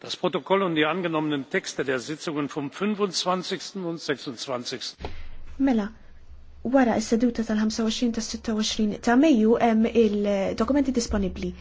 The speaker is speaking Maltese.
das protokoll und die angenommenen texte der sitzungen vom fünfundzwanzig und sechsundzwanzig Mela, wara s-seduta tal-25 tas-26 ta' Mejju hemm il-dokumenti disponibbli.